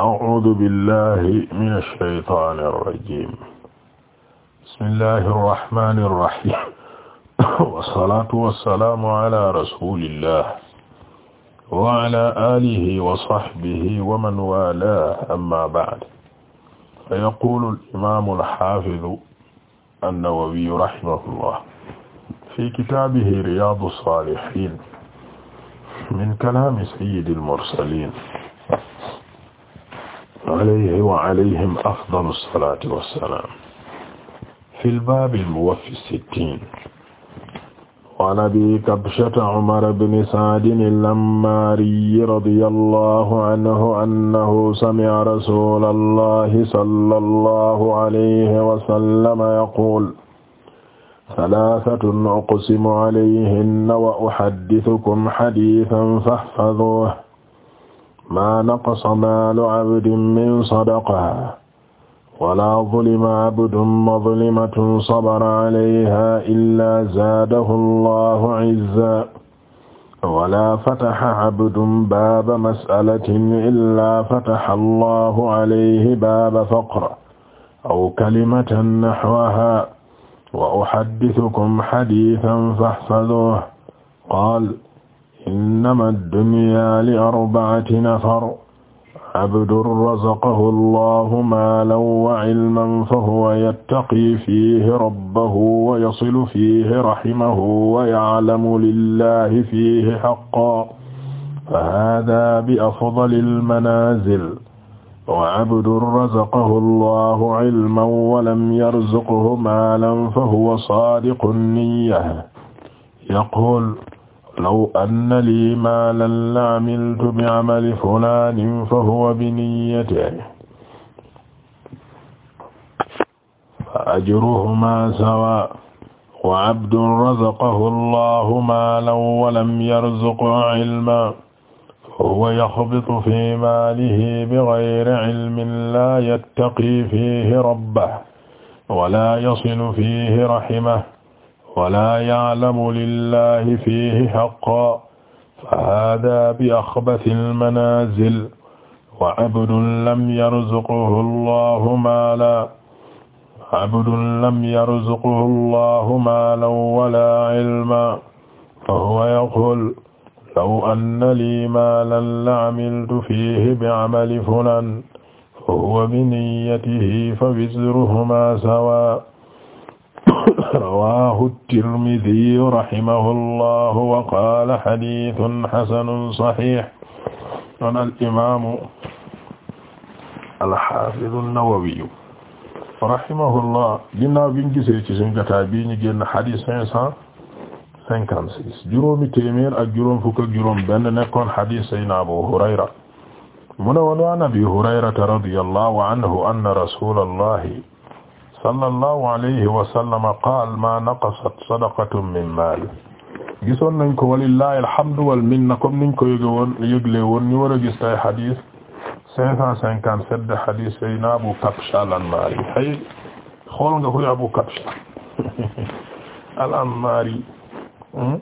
أعوذ بالله من الشيطان الرجيم بسم الله الرحمن الرحيم والصلاة والسلام على رسول الله وعلى آله وصحبه ومن والاه أما بعد فيقول الإمام الحافظ النووي رحمه الله في كتابه رياض الصالحين من كلام سيد المرسلين alayhi wa alayhim afdalu salaati wa salaam. fil baabil muwaffi sittiin. wa an abii kabshata umar bni saadin al-ammaari radiyallahu anhu annahu sami'a rasuulallahi sallallahu alayhi wa sallam yaquulu salaatatun uqsimu alayhinna wa uhaddithukum hadiithan fahfadhuuhu maa naqasa maalu abdin min sadaqa wala zulima abdun mazlimatun sabara alayha illa zaadahu allahu izza wala fataha abdun baaba mas'alatin illa fataha allahu alayhi baaba faqr aw kalimatan nahwaha wa uhaddithukum hadithan fahfazuhu qaala innama ad-dunya li arba'ati nafar abdun razaqahu allahu maalan wa ilman fahuwa yattaqi fiihi rabbahu wa yasilu fiihi rahimahu wa ya'lamu lillahi fiihi haqqan fahaadha bi afdalil manaazil wa abdun razaqahu allahu ilman wa lam yarzuqhu maalan fahuwa saadiqun niyya yaqul law anna lii maalan la amiltu bi amali fulaanin fa huwa bi niyyatihi fa ajruhumaa sawaa wa abdun razaqahu allahu maalan wa lam yarzuqhu ilman fa huwa yaxbitu fii maalihi bighayri ilmin laa yattaqii fiihi rabbahu wa laa yasilu fiihi rahimahu wala ya'lamu lillahi fiihi haqqan fa haadaa bi axbasil manaazil wa abdun lam yarzuqhu allahu maalan abdun lam yarzuqhu allahu maalan wala ilman fa huwa yaqulu law anna lii maalan la'amiltu fiihi bi'amali fulaan fa huwa biniyyatihi fa wizruhumaa sawaa rawaahu Tirmidi rahimahullah wa qaala hadiisun hasanun sahiih an al imaamu al haafidu an-Nawawi rahimahullah ginnaaw bi ñu gisee ci suñu jotaay bii ñu génn hadiis cinq cent cinquante six juróomi téeméer ak juróom fukk ak juróom benn nekkoon hadiis Sayyidinaa Abu Hurayra mu ne woon an Abii Hurayrata radiyallaahu anhu anna rasuulallahi sallallahu alayhi wa ma naqasat sadaqatun min maal gisoon nañ ko alhamdu wal minna comme niñ ko yëge woon yëgle woon ñu war a gis tay Abu Kabsha al-Anmari xëy xool Abu Kabsha al-Anmari hmm?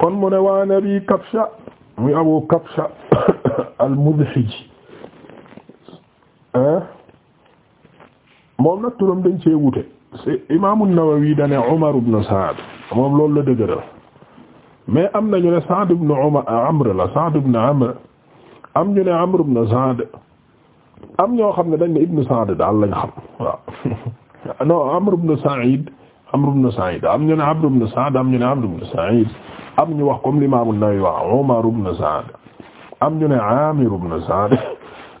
kon mu ne waa nabi Kabsha muy Abu Kabsha al-Mudhiji moom nag turam dañ cee wute c'est imaamu Nawawi dane Umar ibn Saad moom loolu la dëgëral mais am na ne Saad ibn am ñu ne Saad am ñoo xam ne dañ ne ibn Saad daal lañ xam waaw non am ñu ne Amr ibn Saad am ñu ne Amr ibn am ñu wax comme Saad am ñu ne Amir ibn Saad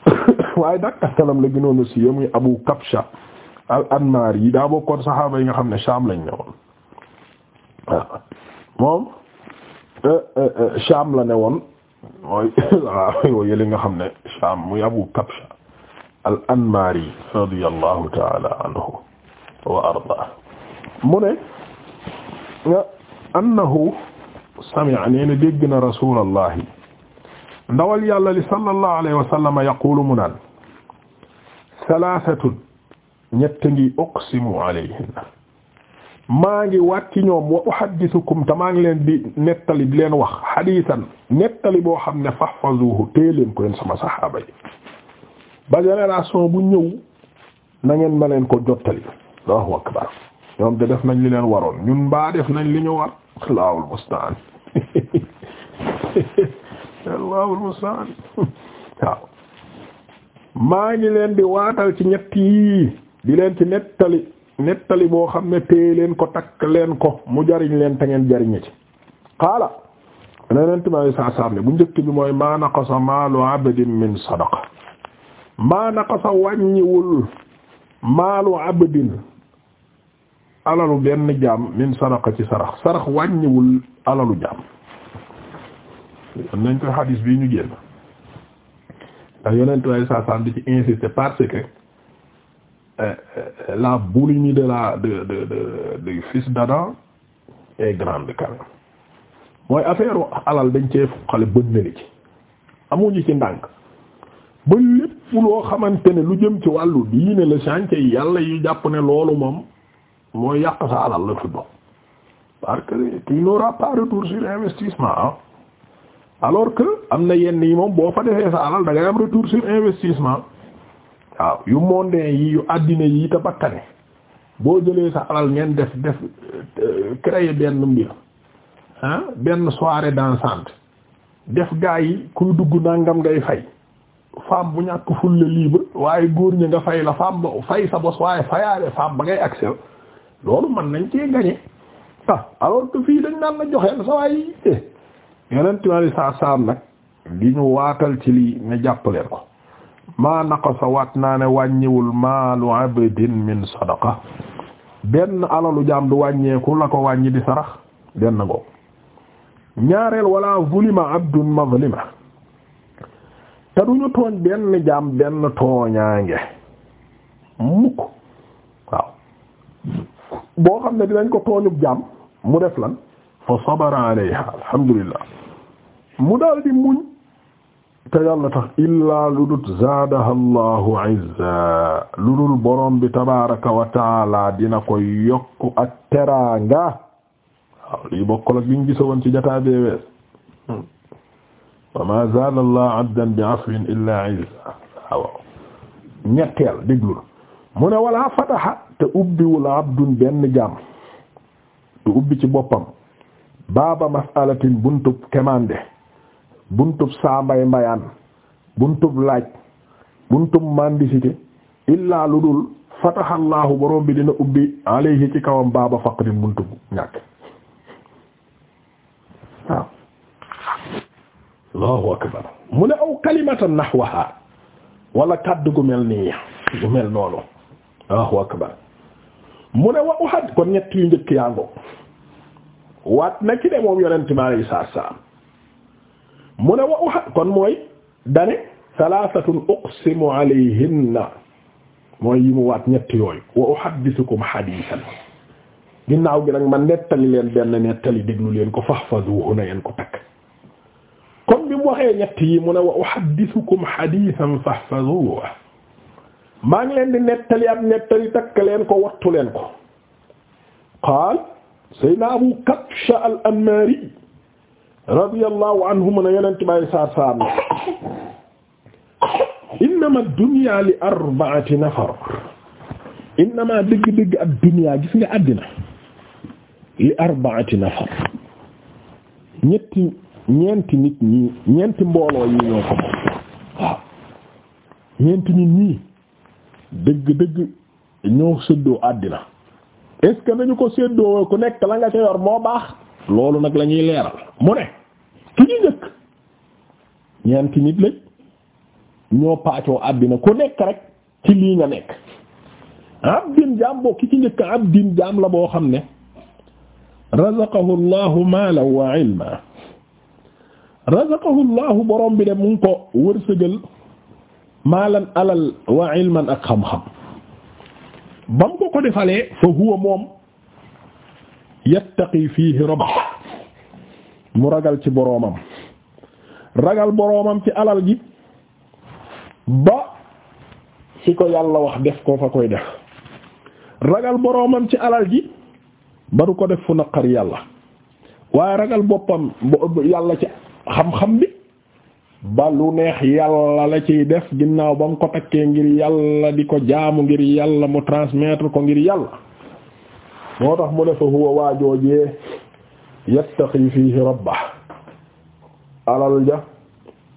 waaye dakkasalam la gënoon a siiwee Abu Kabsha al anmar yi daa bokkoon saxaaba yi nga xam ne Sham lañ ne woon waaw moom euh, euh, euh, Sham la ne woon mooy waaw yële nga xam ne Sham muy Abu Kabsha al anmari radiyallahu ta'ala anhu wa arda mu ne annahu sami'a nee na dégg na rasulallahi ndawal yàlla li sallallahu alayhi wa sallam yaqulu mu naan salaasatun ñett ngi uqsimu alayhinna maa ngi waat ci ñoom wa uhaddithukum te maa ngi leen di nettali di leen wax hadiisan nettali boo xam ne fahfazuhu tée leen ko yeen sama saxaaba ba génération bu ñëw na ngeen ma leen ko jottali Allahu akbar ñoom de def nañ li leen waroon ñun mbaa def nañ li ñu war Allahul musta'an maa ngi leen di waatal ci ñett yi di leen ci nettali nettali boo xam ne téye leen ko takk leen ko mu jariñ leen te ngeen jariñe ci qaala leneen timaayu saa saa ne bu njëkk bi mooy maa naqasa maalu abdin min sadaqa maa naqasa wàññiwul maalu abdin alalu benn jaam min sadaqa ci sarax sarax wàññiwul alalu jaam nañ ko xadiis bi ñu génn ndax yonent waaye saa saa ci insister parce que Euh, euh, la boulimie de la de de de du fils d'Adam grande quand mooy affaire alal dañ cee xale bën na li ci amuñu ci ndànk ba lépp loo xamante ne lu jëm ci wàllu diine la chantier yi yàlla yu jàpp ne loolu moom mooy yàq sa alal la tudd parce que tu n'auras pas retour sur investissement alors que am na yenn yi moom boo fa defee sa alal da ngay am retour sur investissement waaw yu mondain yi yu àddina yi te bakkane boo jëlee sa alal ngeen def def euh, créer benn mbir benn soirée dansante def gaa yi kuy dugg nangam ngay fay femme bu ñàkk fulle libre waaye góor ñi nga fay la femme ba fay sa bos waaye fayaale femme ba ngay accès loolu mën nañ cee gagner ah alors que fii dañ naan la joxeel sa waay yi yeneen tuuti saa saam nag li ñu waatal ci lii ne jàppaleen ko. maa naqasa waat naa ne wàññiwul maalu abdin min sadaqa benn alalu jaam du wàññeeku la ko wàññi di sarax benn go ñaareel wala zulima abdun mazlima te duñu tooñ benn jaam benn tooñaange mukk waaw boo xam ne dinañ ko tooñub jaam mu def lan fa sabara alayha alhamdulillah mu daal muñ te yàlla tax illaa lu dut zaadaha allahu izza lu wa taala dina ko yokk ak teraanga waaw lii bokkul ak liñ ci jataa bee wees hmm. wa ma zaada allah abdan bi afwin illaa izza waaw ñetteel mu ne walaa fataha te ubbiwul abdun benn jàmm te ubbi ci boppam baaba masalatin buntub kemande buntub saa mbay mbayaan buntub laaj buntub mendicité illaa lu dul fatahallahu borom bi dina ubbi alayhi ci kawam baaba faqrin buntub ñàkk waaw allahu akbar mu ne aw kalimatan nahwaha wala kàddu gu mel nii gu mel noonu allahu akbar mu ne wa uhad kon ñett yu njëkk yaango waat na ci ne moom yonent bi alayhi salaam mu ne wa uha kon mooy dane thalathatun uqsimu alayhinna mooy yi mu waat ñett yooyu wa uhaddithukum hadithan ginnaaw gi nag man nettali leen benn nettali déglu leen ko fahfazuhu na yeen ko takk kon bi mu waxee ñett yi mu ne wa uhaddithukum hadithan fahfazuhu maa ngi leen di nettali ab nettali takk leen ko wattu leen ko qaal sayna abu kabsha al anmari radiyallahu anhuma ne yonent bi alayhi salaatu salaam innama dunya li arba'ati nafar innama dëgg-dëgg ak dunya gis nga àddina li arba'ati nafar ñetti ñeenti nit ñi ñeenti mbooloo yi ñoo ko waaw ñeenti nit ñi dëgg-dëgg ñoo séddoo àddina est-ce ko séddoo ku nekk la nga ca yor moo baax loolu nag lañuy ñuy leeral mu ne ki ñu njëkk ñeenti nit lañ ñoo paacoo àddina ku nekk rek ci lii nga nekk abdin jaam boo ki ci njëkk abdin jaam la boo xam ne razaqahu llahu maalan wa borom bi mu ngi ko wërsëgal maalan alal wa ak xam-xam bam ko ko defalee fa huwa moom yattaqi fii rabbah mu ragal ci boroomam ragal boroomam ci alal ji ba fi ko yàlla wax def koo fa koy def ragal boroomam ci alal ji ba du ko def fu naqar yàlla waaye ragal boppam yàlla ci xam-xam bi ba lu neex yàlla la ciy def ginnaaw ba mu ko takkee ngir yàlla di ko jaamu ngir yàlla mu transmettre ko ngir yàlla moo tax mu ne fa huwa waajoojee fii fiihi rabbah alal ja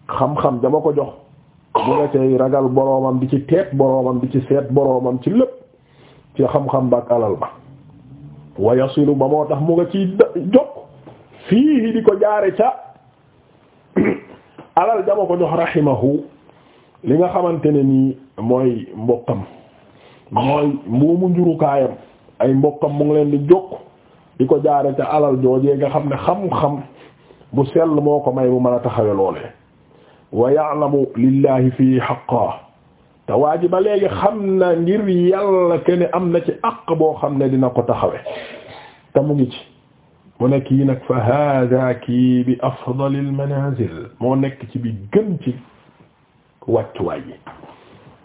xam-xam dama ko jox bu nga cay ragal boroomam di ci teet boroomam di ci seet boroomam ci lépp ci xam-xam ba ak alal ba wa yasilu ba moo tax mu nga ciy fii fiihi di ko jaare ca alal dama ko jox rahimahu li nga xamante ne nii mooy mbokkam mooy mboomu njurukaayam ay mbokkam mu ngi leen di jokk di ko jaare ca alal joojee nga xam ne xam-xam bu sell moo ko may bu mën a taxawe loolee wa ya'lamu lillahi fi xaqa te waa ji ba léegi xam na ngir yàlla ke am na ci àq boo xam ne dina ko taxawe te mu ngi ci mu nekk yi nag fa hada kii bi afdalil manazil moo nekk ci bi gën ci wàccuwaay yi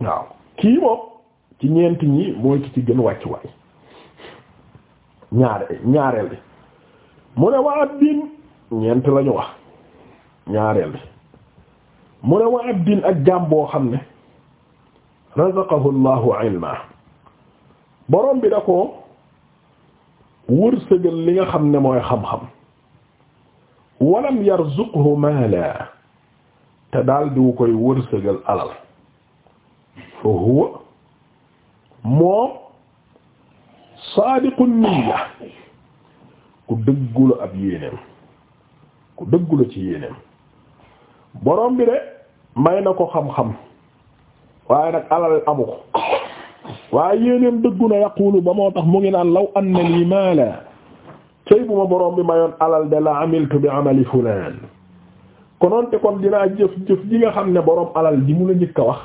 waaw kii moom ci ñeenti ñi mooy ki ci gën wàccuwaay ñaare ñaareel bi mu ne wa abdin ñeent la wax ñaareel bi mu ne wa abdin ak jaam boo xam ne razaqahu allahu ilma borom bi da ko wërsëgal li nga xam ne mooy xam-xam walam yarzuqhu maala te daal diwu koy wërsëgal alal fa huwa moom saadiqun niyya ku dëggu ab yéeneem ku dëggu ci yéeneem borom bi de may na ko xam-xam waaye nag alal amu ko waaye yéeneem dëggu na yaqulu ba moo tax mu ngi naan law anna lii maala cëy bu ma borom bi mayoon alal de la amiltu bi amali fulaan konoon te dinaa jëf jëf ji nga xam ne borom alal ji mu la njëkk a wax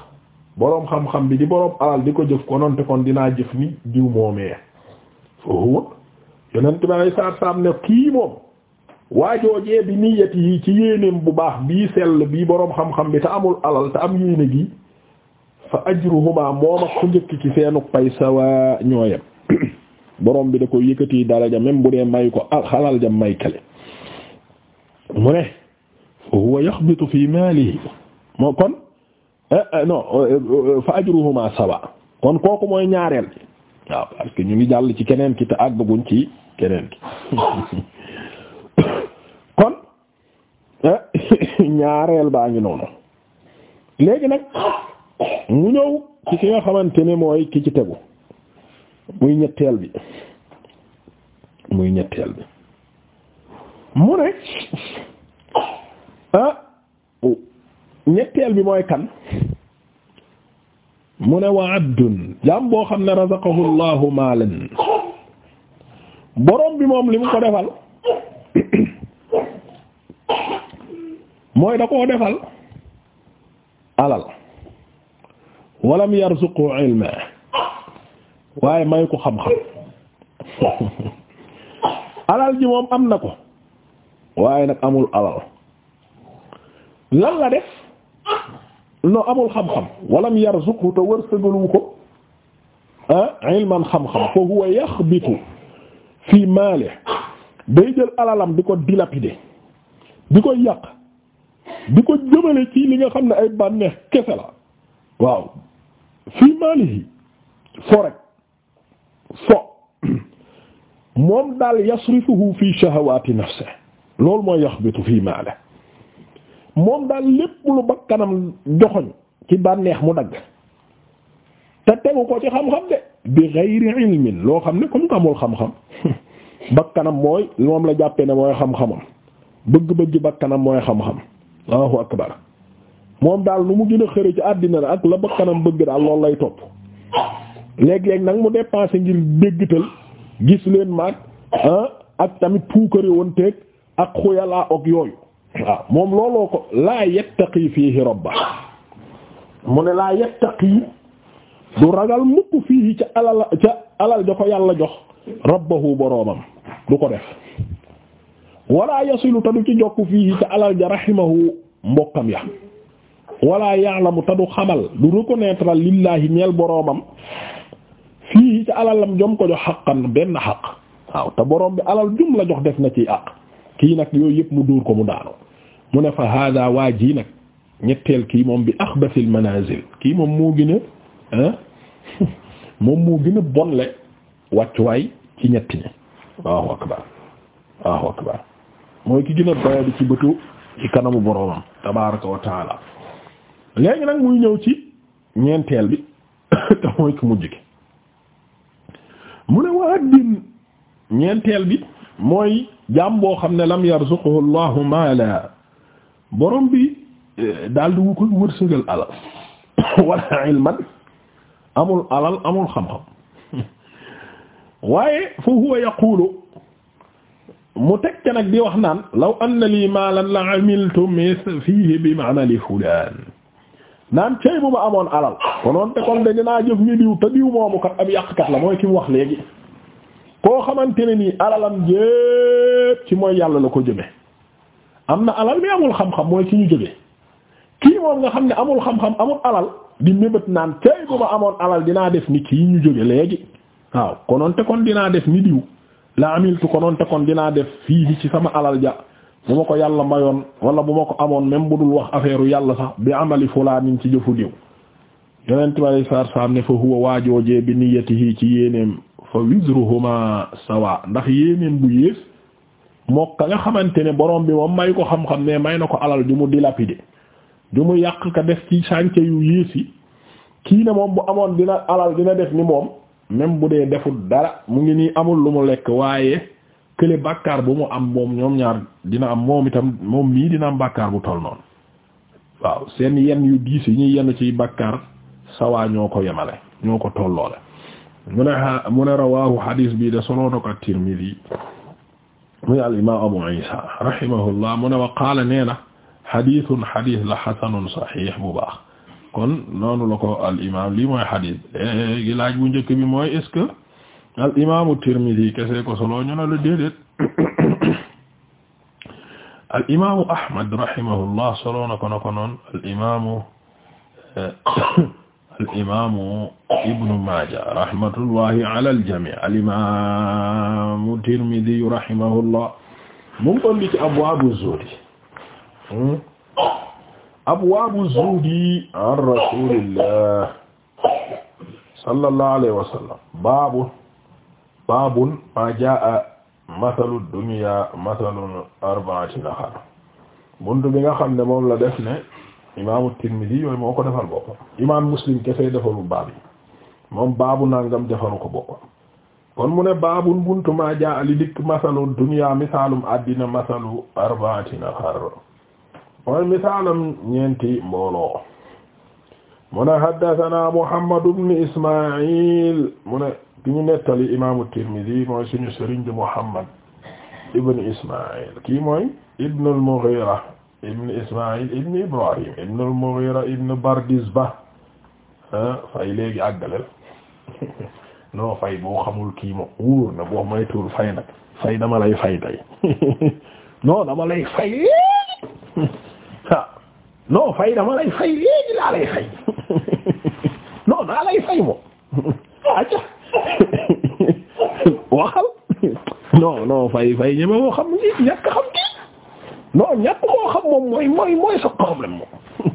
boroom xam-xam bi di borom alal di ko jëf konoon te kon dinaa jëf ni diw moomee fa huwa yonent bi alay saat salaam ne kii moom waajoojee bi niyyati yi ci yéeneem bu baax bii sell bii boroom xam-xam bi te amul alal te am yéene gi fa ajruhuma moom ak ku njëkk ci seenuk pay sawa ñooyem borom bi da koy yëkkati daraja même bu dee may ko xalal jam may kale mu ne fa huwa yaxbitu fi maalihi moo kon eh, eh, eh, fa ajruhuma sawa kon kooku mooy ñaareel waaw parce que ñu ngi jàll ci keneen ki te àggaguñ ci keneen ki kon eh, ñaareel baa ngi noonu léegi nag mu ñëw ci ki nga xamante ni mooy ki ci tegu muy ñetteel bi muy ñetteel bi mu ne ah ñetteel bi mooy kan mu ne wa abdun jaam boo xam ne razaqahu llahu maalan borom bi moom li mu ko defal mooy da koo defal alal walam yarzuqu waaye may ko xam-xam alal ji moom am na ko waaye nag amul alal lan la def no amul xam-xam walam yarzuqhu te wërsëgalu ko ah ilman xam-xam fa fii maale day jël alalam di ko dilapider bi ko yàq di ko jëmale ci li nga xam ne ay bànneex kese la waaw fii maalihi fo rek fo moom daal yasrifuhu fii shahawaati nafsihi loolu mooy yaxbitu fii maale moom daal lépp lu bakkanam joxoñ ci bànneex mu dagg te tegu ko ci xam-xam de bi ghayri ilmin loo xam ne comme ko amul xam-xam bakkanam mooy moom la jàppee ne mooy xam-xamam bëgg-bëgg bakkanam mooy xam-xam allahu akbar moom daal lu mu gën a xëre ci àddina ak la bakkanam bëgg daal loolu lay topp léeg-léeg nag mu dépensé ngir déggtal gis leen maag ah, ak tamit puukare woon teeg ak xuyalaa ok yooyu waaw moom looloo ko laa yattaqi fiihi rabba mu ne laa yattaqi du ragal mukk fiihi ca alal ca alal da ko yàlla jox rabbahu boroomam du ko def wala yasilu ta ci jokk fiihi ca alal ja rahimahu ya wala ya'lamu ta du xamal du reconnaître lillahi ñeel boroomam fii ca alalam jom ko jox xaqan benn xaq waaw te boroom bi alal jum la jox def na ci àq kii nag yooyu yëpp mu dóor ko mu daanu mu ne fa hada waa ji nag ñetteel kii moom bi axbasil manazil kii moom moo gën a moom moo gën a bonle wàccuwaay ci ñetti ñi waaw akbar waaw akbar mooy ki gën a doya ci bëtu ci kanamu boroomam tabaraka wa taala nag muy ñëw ci ñeenteel bi te mooy ki mujj ki mu ne waa din ñeenteel bi mooy jaam boo xam ne lam yarzuquhu allahu mala borom bi eh, daal di koy wërsëgal alal wala amul alal amul xam-xam waaye fa huwa yaqulu mu teg ca nag di wax naan law anna lii maalan la amiltu fiihi bi amali fulaan naan cey bu ma amoon alal konoon te kon de dinaa jëf ñu diw te diw moomu kat ab yàqkat la mooy ki mu wax léegi koo xamante ne nii alalam jépp ci mooy yàlla la ko jëme am na alal mi amul xam-xam mooy ki ñu jógee kii moom nga xam ne amul xam-xam amul alal di mébét naan tey bu ma amoon alal dinaa def ni kii ñu jóge léegi waaw konoon te kon dinaa def ni diw la amiltu konoon te kon dinaa def fii bi ci sama alal ja bu ma ko yàlla mayoon wala bu ma ko amoon même bu dul wax affaire yàlla sax bi amali fulaanin ci jëfu diw yonent bi alay saar saam ne fa huwa waajoojee bi niyyatihi ci yéeneem fa wizruhuma sawa ndax yéeneem moo ka nga xamante ne borom bi moom may ko xam-xam ne may na ko alal ju mu dilapidé ju mu yàq ka def ci sànce yu yiis yi kii ne moom bu amoon dina alal dina def ni moom même bu dee deful dara mu ngi nii amul lu mu lekk waaye kële bàkkaar bu mu am moom ñoom ñaar dina am moom itam moom mii dina am bàkkaar bu toll noonu waaw seen yenn yu diis yi ñuy yenn ciy bàkkaar sawaa ñoo ko yemale ñoo ko tolloole mu ne mu ne rawaahu hadis bi de solo na ko at muy al imaam Abu Isa rahimahullah mu ne wa qaala nee la xasanun saxiix bu baax kon noonu la ko al imaam lii mooy xadiis léegi laaj bu njëkk bi mooy est-ce que al imaamu Tirmidi kese ko solo ñu ne la déedéet al imaamu Ahmad rahimahullah solo na ko na ko al'imamu ibnu maaja rahmatullahi ala aljami alimamu tirmidi rahimahullah mu ngi ëndi ci abwaabu zuhdi hmm? abwaabu zuhdi an rasulillah sallallahu alayhi wa sallam baabu baabun maa jaa mathalu dunya mathalu arbaati nahar buntu bi nga xam ne moom la def ne imaamu Tirmidi yooyu moo ko defal boppam imaam Muslim kese defalu baab yi moom baabu nangam defalu ko boppam kon mu ne baabun buntu maa jaa li dikk masalu dunya misaalum addina masalu arbaati nafar mooy misaalam ñeenti mbooloo mu ne haddathana Muhammad ibn Ismaa'il mu ne ki ñu nettali imaamu Tirmidi mooy suñu sëriñ di Muhammad ibn Ismaa'il kii mooy ibn al-Mughira ibn Ismaïl ibn Ibrahim ibn al ibn Bardizbah ah, fay léegi àggaleel non fay boo xamul kii ma wóor na boo may tuur fay nag fay dama lay fay tey non lay fay léegi ah non fay lay fay léegi laa lay fay non naa lay fay moom waxal non non fay fay ñeme boo xam ñàkk xam non ñàkk koo xam moom mooy mooy mooy sa problème moom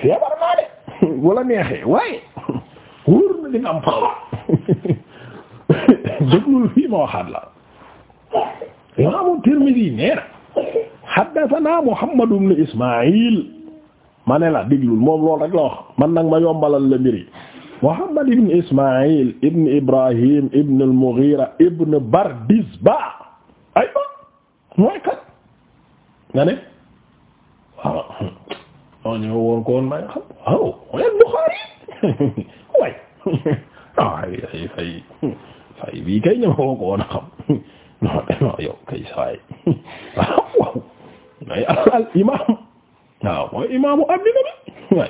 feebar naa de wala neexee waaye wóor na dina am problème déglul fii ma waxaat la imaamu Tirmidi nee na Muhammad ibn Ismaïl ma ne la déglul moom loolu rek la man nag ma yombalal la mbiri Muhammad ibn Ismaïl ibn Ibrahim ibn al-Mughira ibn Bardizba aywa mooy nga ne waaw waaw ñoo woon may xam mooy Bukhari way waay fay fay fay yow kay saay mooy al imam waaw mooy imamu addina bi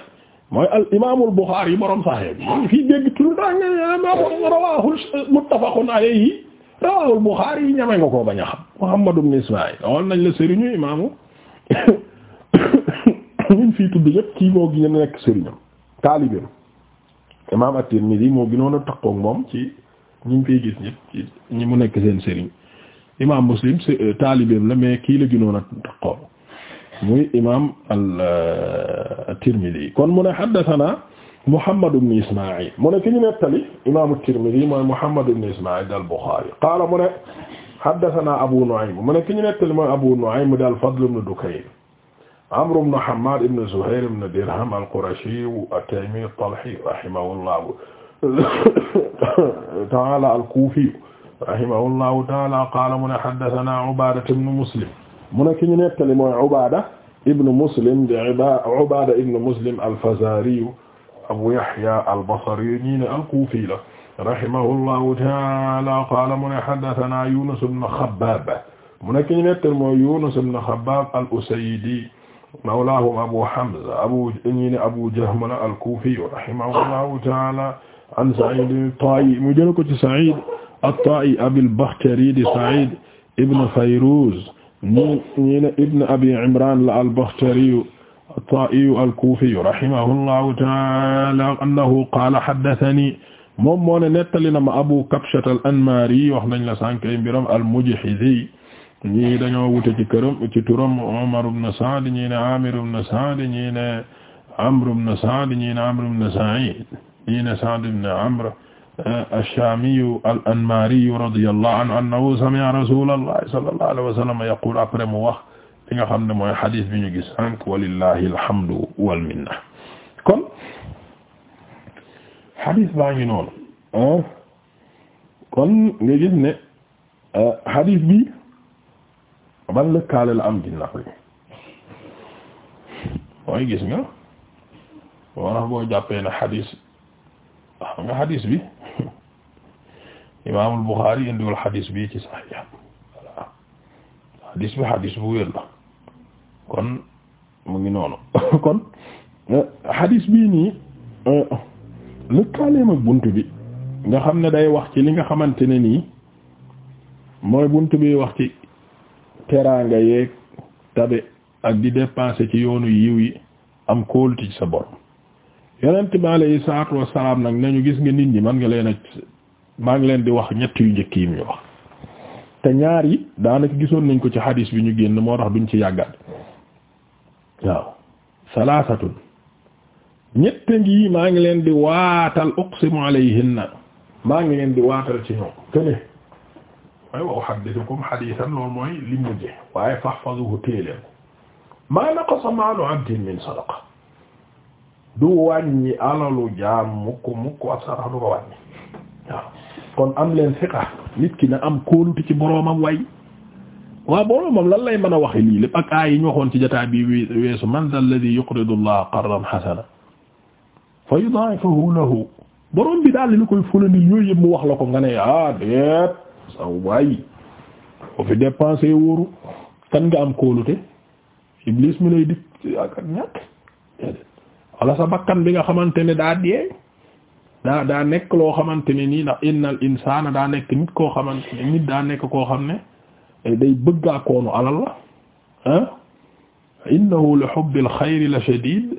mooy al imaamul Bukhari borom Sahih bi fii dégg turu daa nga rawaahul muttafaqun alayhi al Bukhari yi ñame nga koo bañ a xam Muhammad ibn Ismaïl wal nañ la sëriñu imaamu ñun fii tudd yëpp kii moo gën a nekk sëriñam taalibeem imaam at-Tirmidhi moo gënoon a takkook moom ci ñi ñu fiy gis ñëpp ci mu nekk seen sëriñ imaam Muslim euh, taalibeem la mais kii la gënoon a takkook muy imaam al-Tirmidhi euh, kon mu ne haddathana Muhammad ibn Isma'il mu ne ki ñu nettali imaamu Tirmidhi mooy Muhammad ibn Isma'il dal Bukhari qaala mu ne haddathana Abu Nu'aym mu ne ki ñu nettali mooy Abu Nu'aym dal Fadl ibn Dukayn Amr ibn Hammad ibn Zuhayr ibn Dirham al-Qurashi at-Taymi at-Talhi rahimahullahu ta'ala al-Kufi rahimahullahu ta'ala qaala mu ne haddathana Ubaada ibn Muslim mu ne ki ñu nettali mooy Ubaada ibn Muslim di Ubaada ibn Muslim al-Fazari abu yahya al-basri ñii ne al-kufi la rahimahullahu taala qaala mu ne haddathana yunus ibn khabbab mu nekk ñu nettal mooy yunus ibn khabbab al-usaydi mawlaahum abu hamza abu ñii ne abu jahm la al-kufi rahimahullahu taala an sa'id at-ta'i mu jël ko ci sa'id at-ta'i abil bakhtari di sa'id ibn fayruz ñii ne ibn abi imran la al-bakhtari at-Taa'iyu al-Kuufiyu rahimahullahu ta'aala annahu qaala haddathanii moom moo ne nettali na ma Abu Kabshata al-Anmaari wax nañ la sànq mbiram al-Mujhizi ñii dañoo wute ci këram ci turam Umar ibn Sa'd ñii ne Aamir ibn Sa'd ñii ne Amr ibn Sa'd ñii ne Amr ibn Sa'iid ñii ne Sa'd ibn Amr eh, ash-Shaamiyu al-Anmaariyu radiyallahu anhu annahu sami'a rasuulallahi sallallahu alayhi wa sallam yaquulu après mu wax. li nga xam ne mooy xadis bi ñu gis sànq walillahi alhamdu wal minna kon xadis baa ngi noonu ah, kon nga gis ne ah, xadis bi ban lëkkaale la am ginnaaw li mooy gis nga boo tax boo jàppee ne xadis ah, xam nga xadis bi imaamul Buxaari indiwul xadis bi ci saxiix voilà xadis bi xadis bu wér la kon mu ngi noonu kon euh, hadis bii nii euh, lëkkaaleem ak bunt bi nga xam ne day wax ci li nga xamante ne nii mooy bunt bi wax ci teraanga yeeg tabe ak di dépenser ci yoonu yiw yi am kóolute ci sa borom yonent bi yi salaatu wassalaam nag nañu gis nga nit ñi man nga leen a maa ngi leen di wax ñett yu njëkk yi muy wax te ñaar yi daanaka gisoon nañ ko ci hadis bi ñu génn moo tax duñ ci yàggaat waaw salaasatun ñett ngi maa ngi leen di waatal uqsimu alayhinna maa ngi leen di waatal ci ñoom kene may wa uhaddithukum hadithan loolu mooy li mujje waaye fahfazuhu téeleen maa naqasa maalu abdin min sadaqa du wàññi alalu jaam mukk mukk ab sarax ko wàññi kon am leen fiqa nit ki na am kóolute ci boroomam way waaw moom lan lay mën a wax lii lépp ak aay yi ñu waxoon ci jotaay bi weesu man dal di yuqridu llaha qardan hasana fa yooyu yëpp mu wax la ko nga ne ah déet sa waay boo fi dépensé wóoru kan nga am kóolute iblis mi lay dikk ak sa bakkan bi nga xamante ne daa dee daa daa nekk loo xamante ne nii ndax innal insaana daa nekk nit koo xamante nit daa nekk koo xam ne day bëggaakoonu alal la ah innahu li hubbil xayri la shadid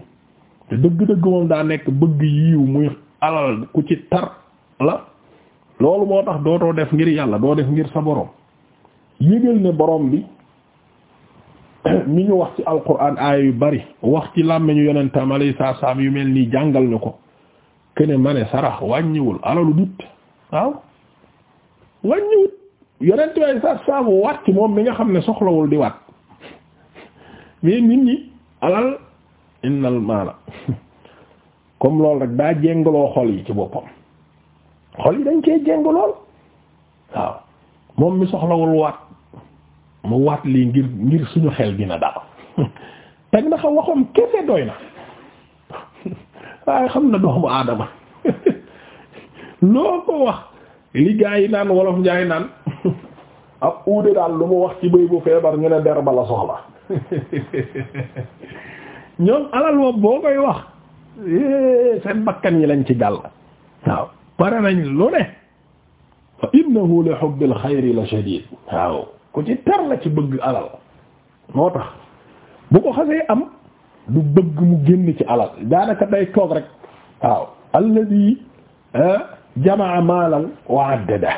te dëgg-dëgg moom daa nekk bëgg yiw muy alal ku ci tar la loolu moo tax dootoo def ngir yàlla doo def ngir sa borom yëgal ne borom bi mi ñu wax ci alquran aaya yu bari wax ci làmmiñu yonentam alay saa saam yu mel nii jàngal ñu ko kene ma ne alalu nit waaw wàññiwul yonent way sa saabu waat ci moom mi nga xam ne soxlawul di waat mais nit ñi alal innal maala comme loolu rek daa jéngaloo xol yi ci boppam xol yi dañ koy jéng lool waaw moom mi soxlawul waat mu waat lii ngir ngir suñu xel dina dal te ndax waxam kese doy na waaye xam na doomu aadama loo ko wax li yi naan wolof njaay naan ab uude daal lu mu wax ci bëy bu feebar ñu ne der la soxla ñoom alal moom boo koy wax eh, seen bakkan yi lañ ci gàll waaw pare nañ lu ne fa innahu li hubbil xayri la ci bëgg alal moo tax bu ko xasee am du bëgg mu génn ci alal daanaka day toog rek waaw alladi eh, jamaa maalan wa addada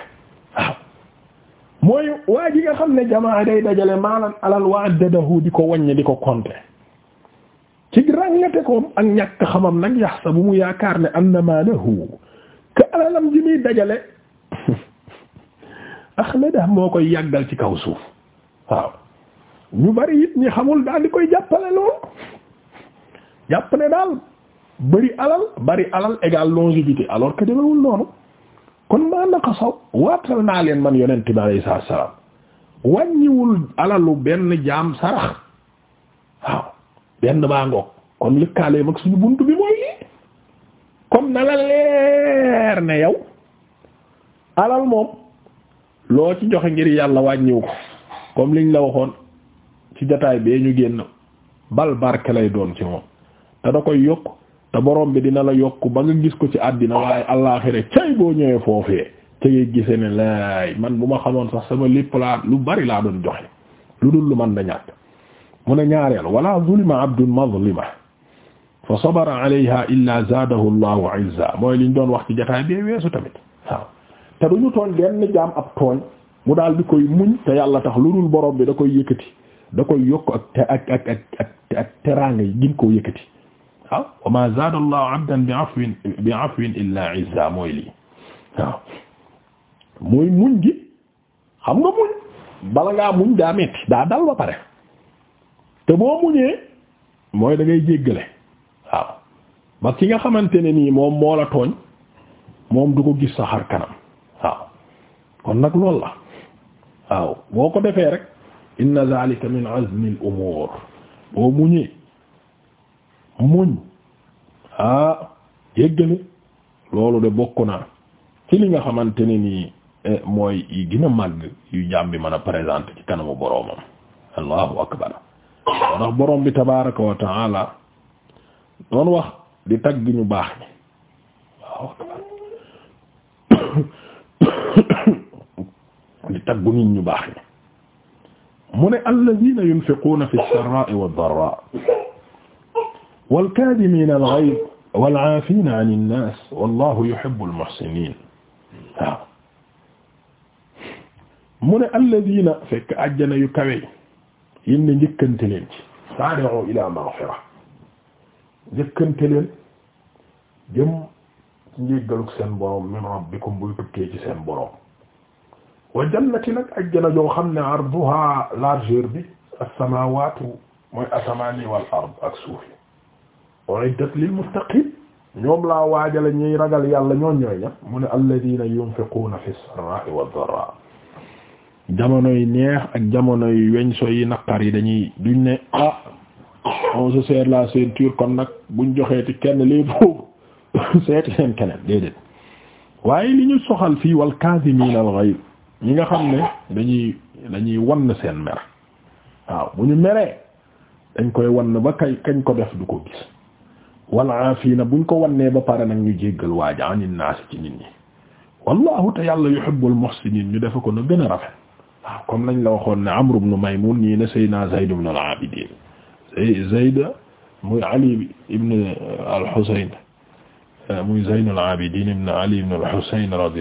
mooy waa ji nga xam ne jamaa day dajale maalan alal wa'dadahu di ko wàññi di ko compter ci ràngate koom ak ñàkk xamam nag yaxsabu mu yaakaar ne anna maalahu ka alalam ji muy dajale axlada moo koy yàggal ci kaw suuf waaw ñu bari it ñi xamul daal di koy jàppale loolu jàpp ne daal bari alal bari alal égal longévité alors que demewul noonu kon maa naqasaw waatal naa leen man yonent bi alayhi salaatu wàññiwul alalu benn jaam sarax waaw benn baa ngoog kon lëkkaale mag suñu bunt bi mooy lii comme na la leer ne yow alal moom loo ci joxe ngir yàlla wàññiwu ko comme liñ la waxoon ci jotaay bee ñu génn bal barke lay doon ci moom te da koy yokk te borom bi dina la yokk ba nga gis ko ci àddina waaye allaaxira cay boo ñëwee foofee te ngay gisee ne laay man bu ma xamoon sax sama lépp laa lu bari laa doon joxe lu dul lu man da ñàkk mu ne ñaareel wala zulima abdun mazlima fa sabara alayha illa zaadahu allahu izza mooy liñ doon wax ci jotaay bee weesu tamit waaw te duñu tooñ benn jaam ab tooñ mu daal di koy muñ te yàlla tax lu dul borom bi da koy yëkkati da koy yokk ak teraanga yi gin koo yëkkati waaw wa ma zaada allahu abdan bi afwin bi afwin illa izza mooy lii waaw mooy muñ gi xam nga muñ bala ngaa muñ daa metti daa dal ba pare te boo muñee mooy da ngay jéggale waaw ba ki nga xamante ne nii moom moo la tooñ moom du ko gis sa xar kanam waaw kon nag loolu la waaw boo ko defee rek inna zalika min azmi al umur boo muñee muñ ah jéggale loolu de bokk na ci li nga xamante ne nii eh, mooy yi gën a màgg yu jaam bi mën a présenter ci kanamu boroomam allahu akbar ndax boroom bi tabaraka wa taala doon wax di tagg ñu baax ni waaw di taggu nit ñu baax ni mu ne alladhina yunfiquna fi s-sarra'i wad-dharra'i walkaadimiina al-ghayz wal-aafiina ani n-naas wallaahu yuhibbu al-muhsiniin waaw mu ne alladiina fekk àjjana yu kawe yi ne njëkkante leen ci saari'u ilaa maghfira njëkkante leen jëm ci njéggalug seen borom min rabbikum buy tukkee ci seen borom wa jannati nag àjjana joo xam ne arduhaa largeur bi as-samaawaatu mooy asamaan yi wal ard ak suuf yi u'iddat lil muttaqiin ñoom laa waajale ñuy ragal yàlla ñoon ñooy ña mu ne alladhiina yunfiquuna fi sarraa'i wa dharraa jamonoy neex ak jamonoy weñ so yi naqar yi dañuy duñ ne ah on se serre la ceinture kon nag joxee joxeeti kenn lii boobu seeti seen keneen déedéet waaye li ñu soxal fii wal kaadimiina al ñi nga xam ne dañuy dañuy wann seen mer waaw bu ñu meree dañ koy wann ba kay kañ ko def du ko gis wal aafiina buñ ko wannee ba pare nag ñu jéggal waaji anin naas ci nit ñi wallahu te yàlla ñu defe ko nu gën a rafet waaw comme la waxoon ne Amr ibn Maymun ñii ne Seydina Zayd ibn al-Abidin Zayd muy Ali ibn al-Husayn muy Zayn al-Abidin ibn